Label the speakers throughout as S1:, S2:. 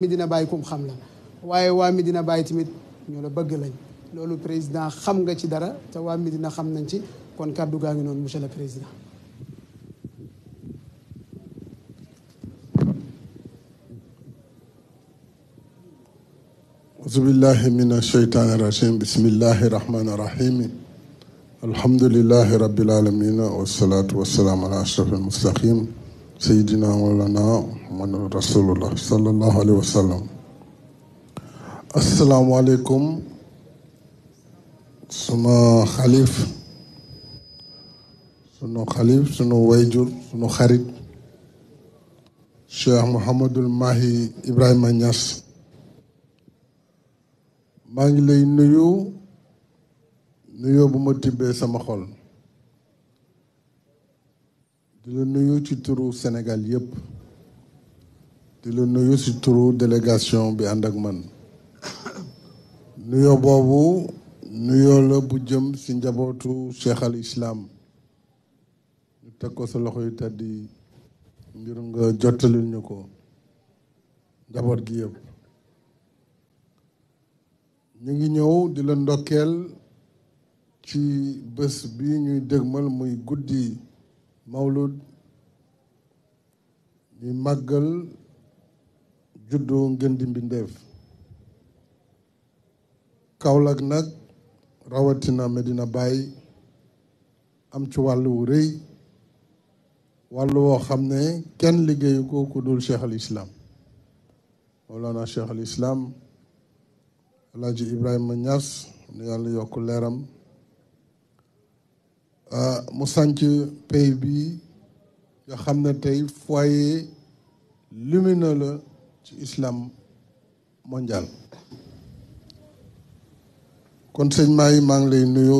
S1: Medina Baye kum xam la waaye waa Medina Baye tamit ñu la bëgg lañ loolu président xam nga ci dara te waa Medina xam nañ ci kon kàddu gaa ngi noonu monsieur le président asubillahi min asheytaani irajim bismillahi rahmaani rahimi alhamdulilahi rabil alamina wasalaatu wasalaam ala ashraf almustaqim sayidina walana rasulullah sallallahu alayhi wa sallam asalaamualeykum suma xalif sunu xalif sunu wayjur sunu xarit cheikh Mouhamadul Mahi Ibrahima ñas maa ngi lay nuyu nuyu bu ma tibbee sama xol di la nuyu ci turu Sénégal yépp di la nuyu ci turu délégation bi ànd ak man nuyoo boobu nuyoo la bu jëm ci njabootu cheikh al islam teg ko sa loxo yu tàddi ngir nga jottalil ko njaboot gi yëpp ñu ngi ñëw di la ndokkeel ci bés bi ñuy dëgmal muy guddi mawlud ñuy màggal juddoo ngeen di mbindeef Kaolack nag rawatina Medina bàyyi am ci wàll wu rëy wàll woo xam ne kenn liggéeyu ko ku dul cheikh al islam Mawlana cheikh al islam Alaaji nu yàlla yokk leeram ah, mu sanc pays bi nga xam ne tey foyer lumineux la ci islam mondial kon sëñ maa yi maa ngi lay nuyu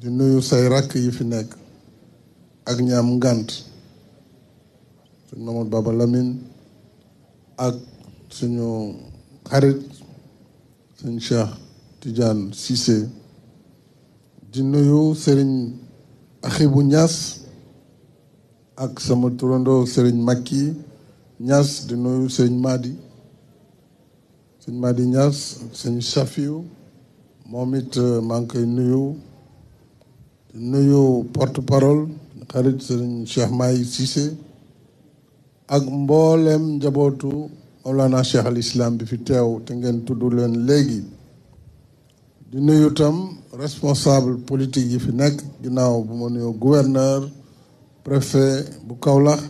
S1: di nuyu say rakk yi fi nekk ak ñaam ngànt suñ Mamadou Baba Lamine ak suñu xarit suñ Cheikh Tidiane Cissé di nuyu sëriñ Axibu ñaas ak sama turandoo sëriñ Makki Niass di nuyu sëñ Madi sëñ Madi Niass ak sëñ moom it euh, maa koy nuyu di nuyu porte parole xarit sëñ Cheikh May Cissé ak mboolem njabootu Mawlana Cheikh al Islam bi fi teew te ngeen tuddu leen léegi di nuyu tam responsable politique yi fi nekk ginnaaw bu ma nuyoo gouverneur préfet bu Kaolack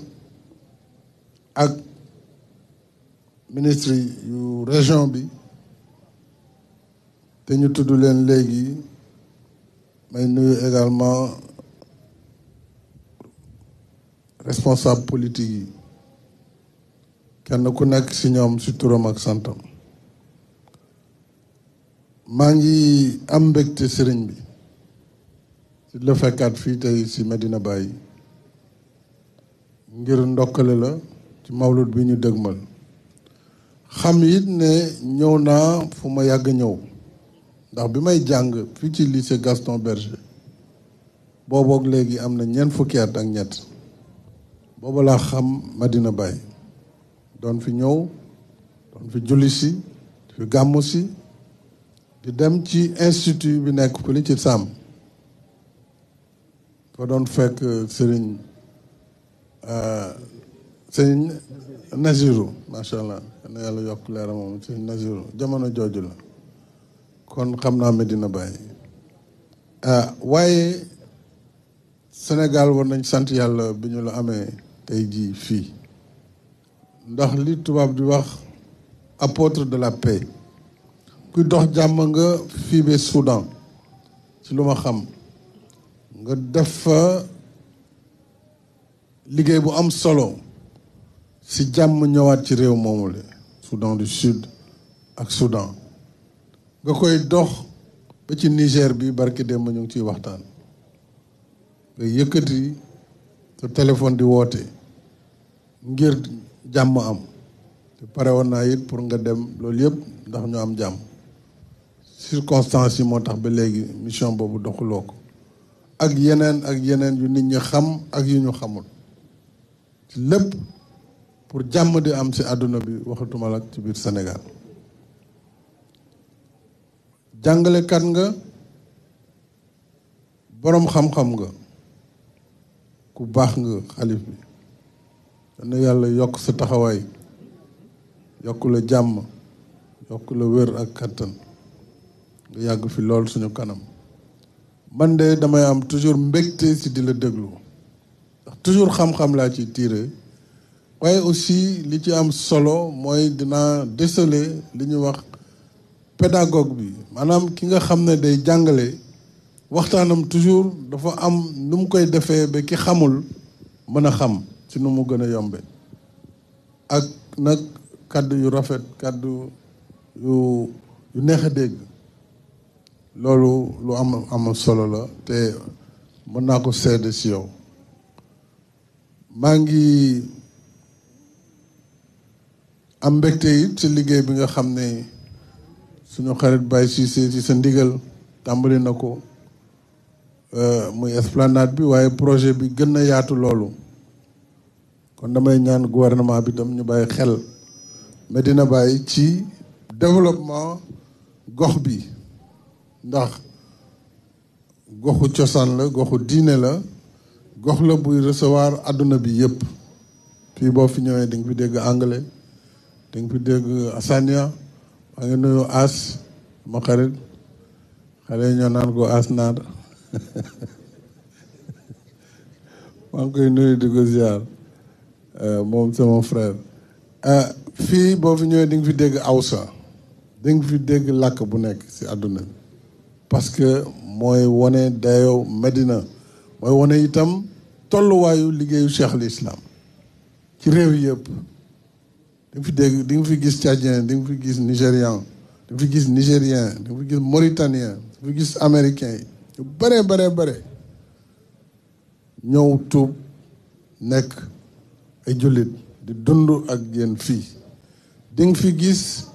S1: ak ministre yu région bi te ñu tudd leen léegi may nuyu également responsable politique yi kenn ku nekk ci ñoom ci turam ak santam maa ngi am mbégte sëriñ bi ci la fekkaat fii tey ci Medina bàyyi ngir ndokkale la ci mawlud bi ñu dëgmal xam it ne ñëw naa fu ma yàgg ñëw ndax bi may jàng fii ci lycée Gaston Berger boobook léegi am na ñeent fukki at ak ñett booba laa xam Madina Baye doon fi ñëw doon fi julli si fi gàmmu si di dem ci institut bi nekk fële ci Sàmm fa doon fekk sëriñ sëñ Naziru macha allah na yàlla yokk leeram moom sëñ Naziru jamono jooju la kon xam naa Medina Baye ah, waaye Sénégal war nañ sant yàlla bi ñu la amee tey jii fii ndax li tubaab di wax apôtre de la paix kuy dox jàmm nga fii ba Soudan ci lu ma xam nga def fa liggéey bu am solo ci jàmm ñëwaat ci réew moomu la Soudan du Sud ak Soudan nga koy dox ba ci Niger bi barki ma ñu ngi ciy waxtaan nga yëkkati sa téléphone di woote ngir jàmm am te pare woon naa it pour nga dem loolu yëpp ndax ñu am jàmm circonstances yi moo tax ba léegi mission boobu doxuloo ko ak yeneen ak yeneen yu nit ñi xam ak yu ñu xamul lépp pour jàmm di am ci àdduna bi waxatuma la ci biir Sénégal jàngalekat nga boroom xam-xam nga ku baax nga xalif bi dana yàlla yokk sa taxawaay yokk la jàmm yokk la wér ak kattan nga yàgg fi lool suñu kanam man de damay am toujours mbégte ci di la déglu ndax toujours xam-xam laa ciy tiire waaye aussi li ci am solo mooy dinaa déceler li ñuy wax pédagogue bi maanaam ki nga xam ne day jàngale waxtaanam toujours dafa am nu mu koy defee ba ki xamul mën a xam ci nu mu gën a yombe ak nag kàddu yu rafet kàddu yu yu neex a dégg loolu lu am am solo la te mën naa ko sedd si yow maa ngi am mbégte it ci liggéey bi nga xam ne suñu xarit Baye Cissé ci sa ndigal tàmbali na ko euh, muy esplanade bi waaye projet bi gën na yaatu loolu kon damay ñaan gouvernement bi tam ñu bàyyi xel Medina bàyyi ci développement gox bi ndax goxu cosaan la goxu diine la gox la buy recevoir àdduna bi yëpp fii boo fi ñëwee di nga fi dégg anglais da nga fi dégg Asania maa ngi nuyu As ma xarit xale yi ñoo naan ko As naar maa ngi koy nuyu di ko ziar eh, moom sama frère. Eh, fii boo fi ñëwee di fi dégg awsa di fi dégg làkk bu nekk ci àdduna bi parce que mooy wane dayoo Medina mooy wane itam tolluwaayu liggéeyu cheikhul islam ci réew yépp di fi dégg di nga fi gis tchadien di nga fi gis nigérian di fi gis nigérian di nga fi gis mauritanien di nga fi gis américain yi bare bare bare ñëw tuub nekk ay jullit di dund ak yéen fii di fi gis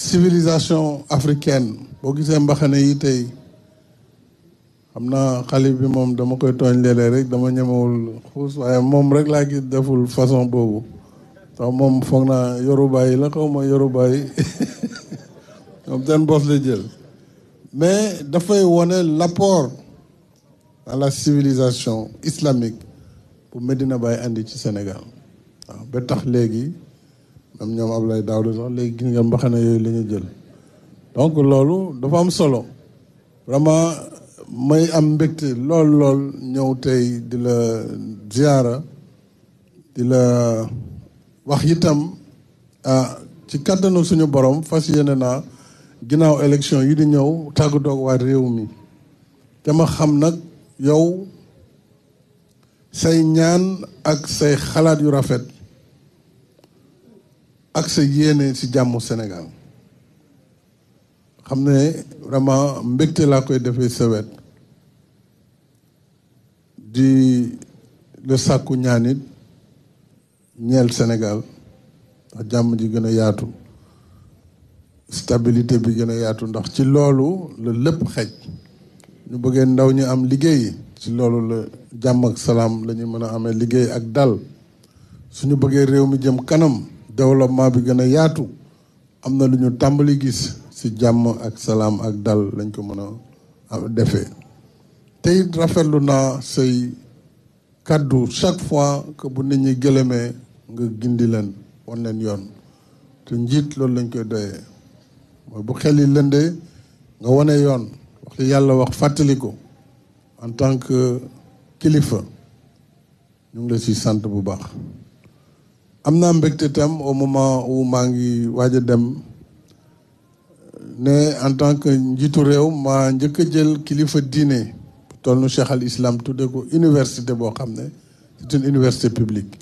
S1: civilisation africaine boo gisee mbaxane yi tey xam naa xale bi moom dama koy tooñ léeg rek dama ñemewul xuus waaye moom rek laa gis deful façon boobu tax moom foog naa yoruba yi la xaw ma yoruba yi moom seen bos la jël mais dafay wone l'apport à la civilisation islamique bu Medina Baye andi ci Sénégal waaw ba tax léegi même ñoom Ablaye Daouda sax léegi gis nga mbaxana yooyu la jël donc loolu dafa am solo vraiment may am mbégte lool lool ñëw tey di la ziara di la wax itam ah, ci kàttanu suñu boroom fas yéene naa ginnaaw élection yi di ñëw tàggatoo waa réew mi te xam nag yow say ñaan ak say xalaat yu rafet ak sa yéene ci jàmmu Sénégal xam ne vraiment mbégte laa koy defee sa wet di le sàkku ñaan ñeel Sénégal ndax jàmm ji gën a yaatu stabilité bi gën a yaatu ndax ci loolu la lépp xej ñu bëggee ndaw ñi am liggéey ci loolu la jàmm ak salaam la mën a amee liggéey ak dal suñu bëggee réew mi jëm kanam développement bi gën a yaatu am na lu ñu tàmbali gis ci jàmm ak salaam ak dal lañ ko mën a defee te it rafetlu naa say kàddu chaque fois que bu nit ñi gëlëmee nga gindi leen wan leen yoon te njiit loolu lañ koy doyee mooy bu xel yi lëndee nga wane yoon wax li yàlla wax fàttali ko en tant que kilifa ñu ngi la ci sant bu baax am na mbégte tam au moment où maa ngi waaj a dem ne en tant que njiitu réew maa njëkk a jël kilifa diine toll nu Cheikh al Islam ko université boo xam ne c'est université publique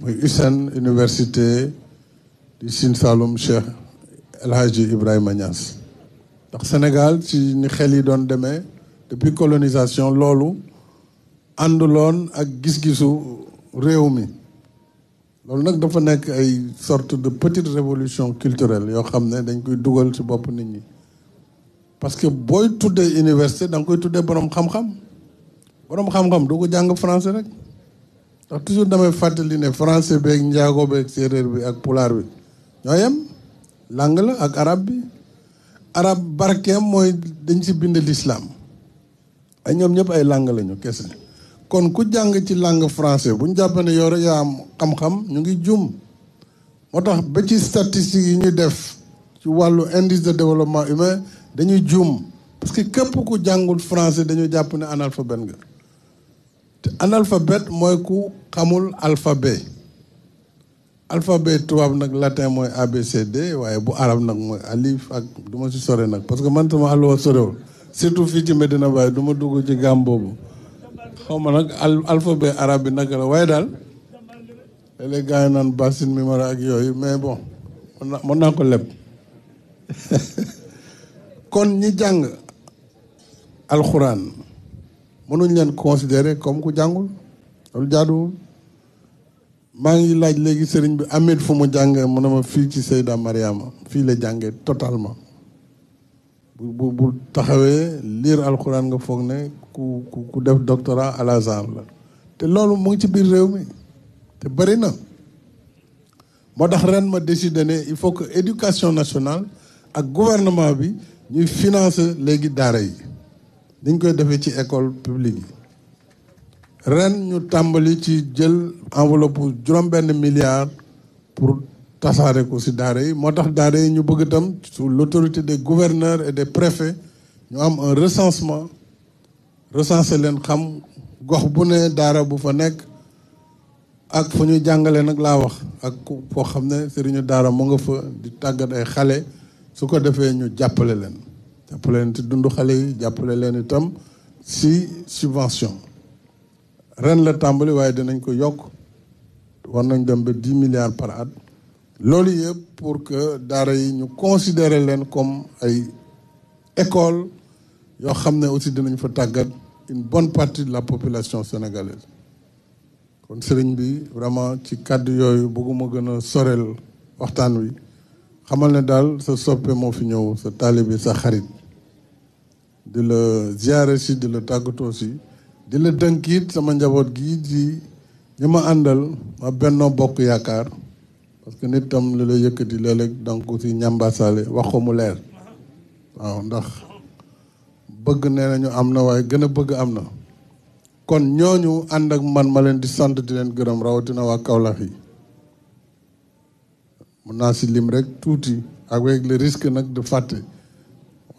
S1: muy USSEN université du Sine Saloum Cheikh El Hadji Ibrahima Niass ndax Sénégal ci ni xel yi doon demee depuis colonisation loolu ànduloon ak gis-gisu réew mi loolu nag dafa nekk ay sorte de petite révolution culturelle yoo xam ne dañ koy dugal ci bopp nit ñi parce que booy tuddee université da nga koy tuddee borom xam-xam borom xam-xam du ko jàng français rek ndax toujours damay fàttali ne français beeg njaago beeg séeréer bi ak pulaar bi ñoo yem làng la ak arab bi arab barkeem mooy dañ si bind lislaam ay ñoom ñëpp ay làng lañu kese kon ku jàng ci langue français bu ñu jàpp ne yow rek yaa am xam-xam ñu ngi jum moo tax ba ci statistiques yi ñu def ci wàllu indice de développement humain dañuy jum parce que képp ku jàngul français dañu jàpp ne benn nga te analphabète mooy ku xamul alphabet alphabet tubaab nag latin mooy ABCD waaye bu arab nag mooy alif ak du si sore nag parce que man sama àlluwa sorewul surtout fii ci Medina Baye du ma dugg ci gàm boobu xaw ma nag alphabet arabe bi naka la waaye daal léeg-léeg gars naan basin mi mara ak yooyu mais bon mën naa ko leb kon ñi jàng alxuraan mënuñ leen considérer comme ku jàngul loolu jaaduwul maa ngi laaj léegi sëriñ bi amet fu mu jàng mu ne fii ci Seyda Mariama fii la jàngee totalement bu bu bu taxawee lire alxuraan nga foog ne ku ku def doctorat al la te loolu mu ngi ci biir réew mi te bëri na moo tax ren ma décidé ne il faut que éducation nationale ak gouvernement bi ñuy financer léegi daara yi dañ koy defee ci école publique yi ren ñu tàmbali ci jël enveloppe juróom-benn milliard pour tasaare ko si daara yi moo tax daara yi ñu bëgg itam su l'autorité des gouverneurs et des préfets ñu am un recensement recenser leen xam gox bu ne daara bu fa nekk ak fu ñuy jàngale nag laa wax ak foo xam ne sëriñu daara mu nga fa di tàggat ay xale su ko defee ñu jàppale leen jàppale leen ci dundu xale yi jàppale leen itam si subvention ren la tàmbali waaye dinañ ko yokk war nañ dem ba dix milliards par at loolu yëpp pour que daara yi ñu considérer leen comme ay école yoo xam ne aussi dinañ fa tàggat une bonne partie de la population sénégalaise kon sëriñ bi vraiment ci kàddu yooyu bëgguma gën a sorel waxtaan wi xamal ne daal sa soppe moo fi ñëw sa taalibe sa xarit di la ziare si di la tàggatoo si di la dënkiit sama njaboot gi di ñu ma àndal ma bennoo bokk yaakaar parce que nit tam li la yëkkati léeg-léeg donc si ñambaasaale wax ko mu leer waaw ndax bëgg nee nañu am na waaye gën a bëgg am na kon ñooñu ànd ak man ma leen di sant di leen gërëm rawatina waa Kaolack yi mun naa si lim rek tuuti avec le risque nag de fàtte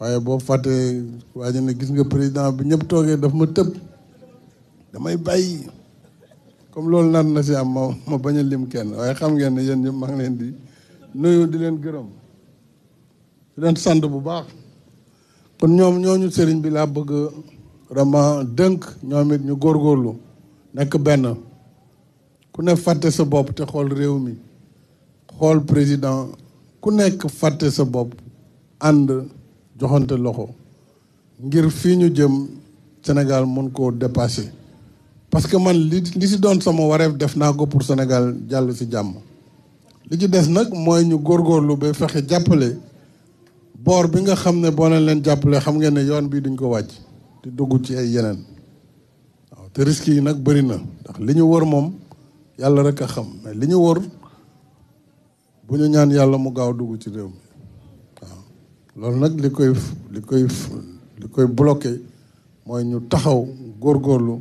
S1: waaye boo fàttee waa ji ne gis nga président bi ñëpp toogee dafa ma tëb damay bàyyi comme loolu naan na si am ma ma bañ a lim kenn waaye xam ngeen ne yéen ñëpp maa ngi leen di nuyu di leen gërëm di leen sant bu baax kon ñoom ñooñu sëriñ bi laa bëgg vraiment dënk ñoom it ñu góorgóorlu nekk benn ku nekk fàtte sa bopp te xool réew mi xool président ku nekk fàtte sa bopp ànd joxante loxo ngir fii ñu jëm Sénégal mën koo dépasé parce que man li li si doon sama wareef def naa ko pour senegal jàll si jàmm li ci des nag mooy ñu góorgóorlu ba fexe jàppale boor bi nga xam ne boo leen leen jàppale xam ngeen ne yoon bii duñ ko wàcc te dugg ci ay yeneen waaw te risques yi nag bëri na ndax li ñu wër moom yàlla rek a xam mais li ñu wër bu ñu ñaan yàlla mu gaaw dugg ci réew loolu nag li koy li koy li koy bloqué mooy ñu taxaw góorgóorlu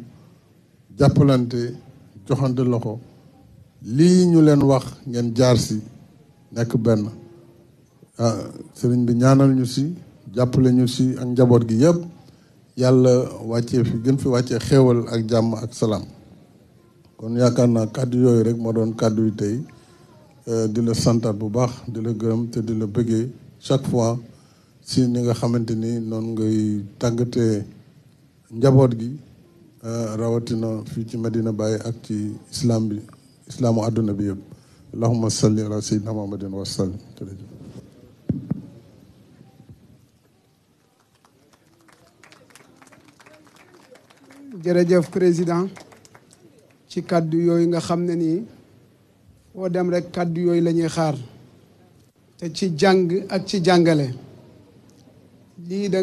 S1: jàppalante joxante loxo lii ñu leen wax ngeen jaar si nekk benn ah sëriñ bi ñaanal ñu si jàppale ñu si ak njaboot gi yëpp yàlla wàcce fi gën fi wàccee xéewal ak jàmm ak salaam kon yaakaar naa kàddu yooyu rek moo doon kàddu yi tey eh, di la santaat bu baax di la gërëm te di la bëggee chaque fois si ni nga xamante ni noonu ngay tàggatee njaboot gi euh, rawatina fii ci Medina Baye ak ci islam bi islaamu àdduna bi yëpp allahumma salli ala sayyidina muhammadin wa sallim jërëjëf jërëjëf président ci kàddu yooyu nga xam ne nii foo dem rek kàddu yooyu lañuy xaar te ci jàng ak ci jàngale lii da